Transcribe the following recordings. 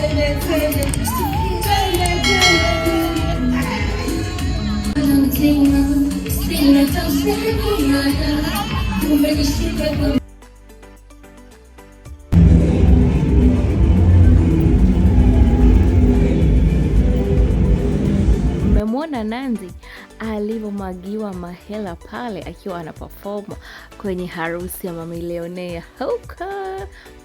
söyle Não Söyle söyle. Yine çalışmayı bunlardan Bunu ben işim yapamam alivyomwagiwa mahela pale akiwa anaperform kwenye harusi ya mamilionea huko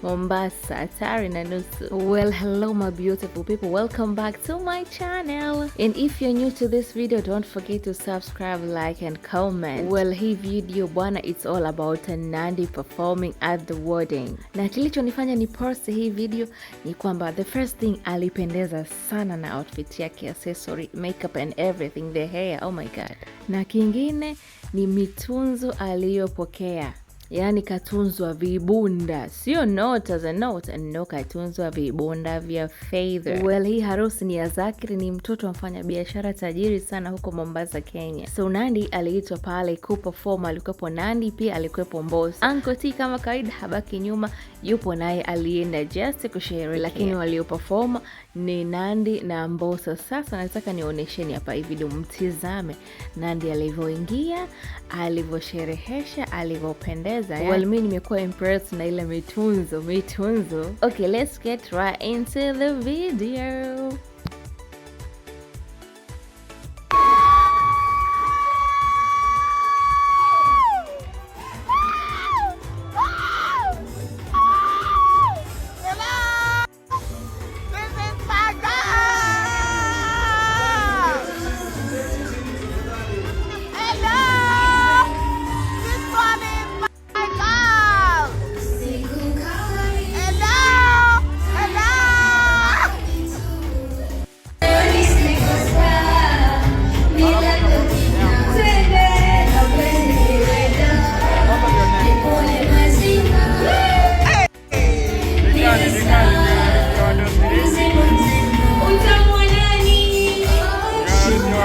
Mombasa, hatari na nusu. Well, hello my beautiful people, welcome back to my channel and if you're new to this video don't forget to subscribe, like and comment. Well, hii video bwana, it's all about Nandi performing at the wedding, na kilichonifanya ni post hii video ni kwamba the first thing alipendeza sana na outfit yake, accessory, makeup and everything, the hair, oh my god na kingine ni mitunzo aliyopokea yaani katunzwa vibunda, sio no, katunzwa vibunda vya fedha. Well, hii harusi ni ya Zakiri, ni mtoto wa biashara tajiri sana huko Mombasa, Kenya. So Nandi aliitwa pale kuperform, alikuwepo Nandi, pia alikuwepo mbos ankoti kama kawaida habaki nyuma, yupo naye alienda just kusherehekea, lakini waliopafoma ni Nandi na Mbosso. Sasa nataka nionyesheni hapa hii video, mtizame Nandi alivyoingia, alivyosherehesha, alivyopendeza. Well, mimi nimekuwa impressed na ile mitunzo mitunzo. Okay, let's get right into the video.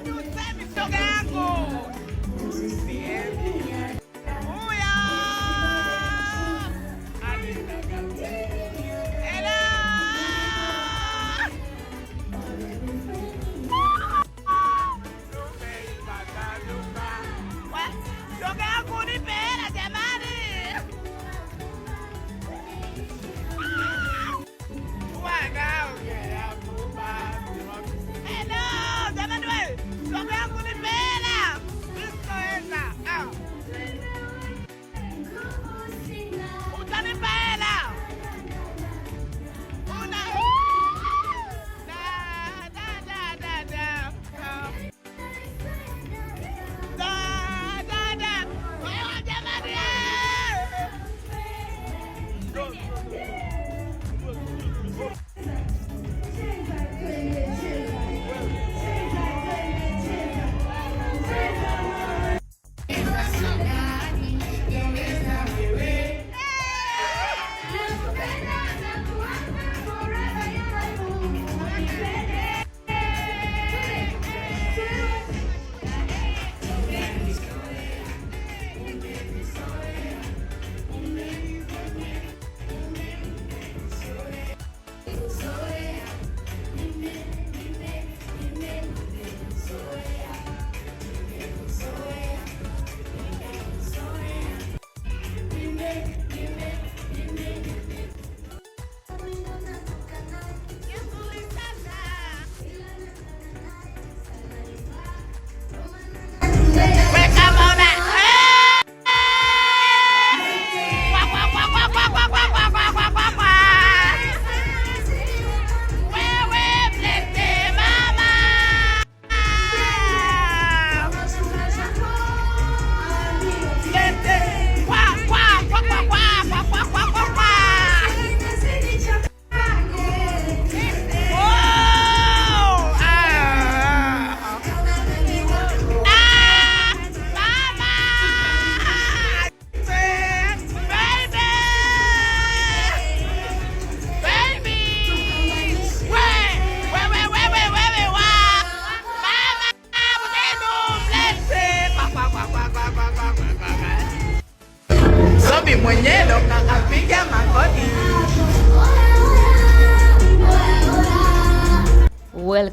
Obrigado, Sam Fogago!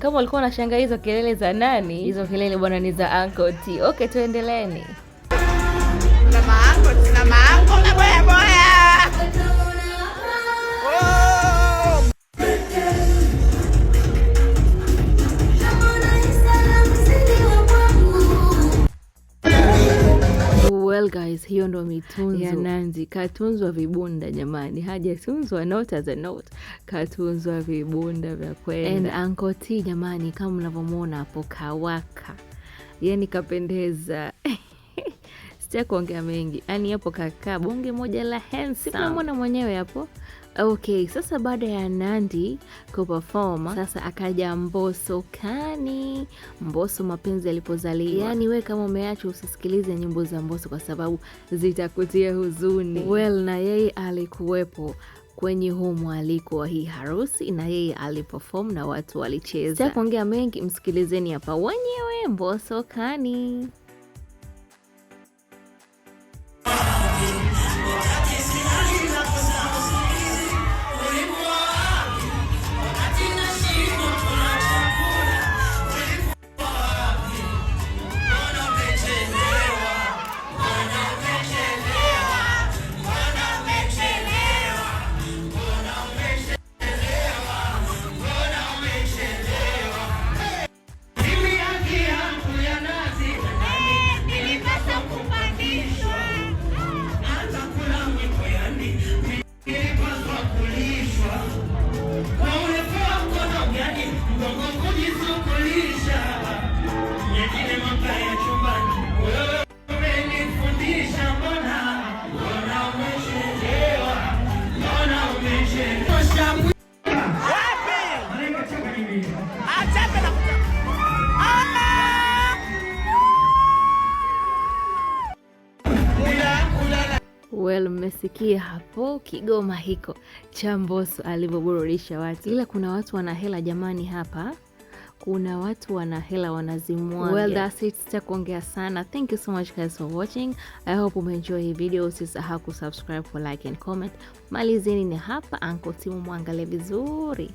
Kama walikuwa wanashangaa hizo kelele za nani, hizo kelele bwana ni za Uncle T. Okay, tuendeleeni. Well guys, hiyo ndo mitunzo ya Nanzi. Katunzwa vibunda jamani, hajatunzwa not as a note, katunzwa vibunda vya kwenda. And Uncle T jamani, kama mnavyomwona hapo kawaka, yani kapendeza Sitaki kuongea mengi. Yaani hapo kakaa bonge moja la handsome. mwenyewe hapo. Okay, sasa baada ya Nandy kuperform, sasa akaja Mbosso kani. Mbosso mapenzi alipozaliwa. Yaani we kama umeachwa usisikilize nyimbo za Mbosso kwa sababu zitakutia huzuni. Well, na yeye alikuwepo kwenye huu mwaliko wa hii harusi na yeye aliperform na watu walicheza. Sitaki kuongea mengi, msikilizeni hapa wenyewe Mbosso kani. Well, mmesikia hapo Kigoma hiko cha Mbosso alivyoburudisha watu, ila kuna watu wana hela jamani. Hapa kuna watu wana hela wanazimwaga. Well, that's it, sitakuongea sana. Thank you so much guys for watching, I hope umeenjoy hii video. Usisahau kusubscribe for like and comment. Malizeni ni hapa, Uncle Timu, mwangalie vizuri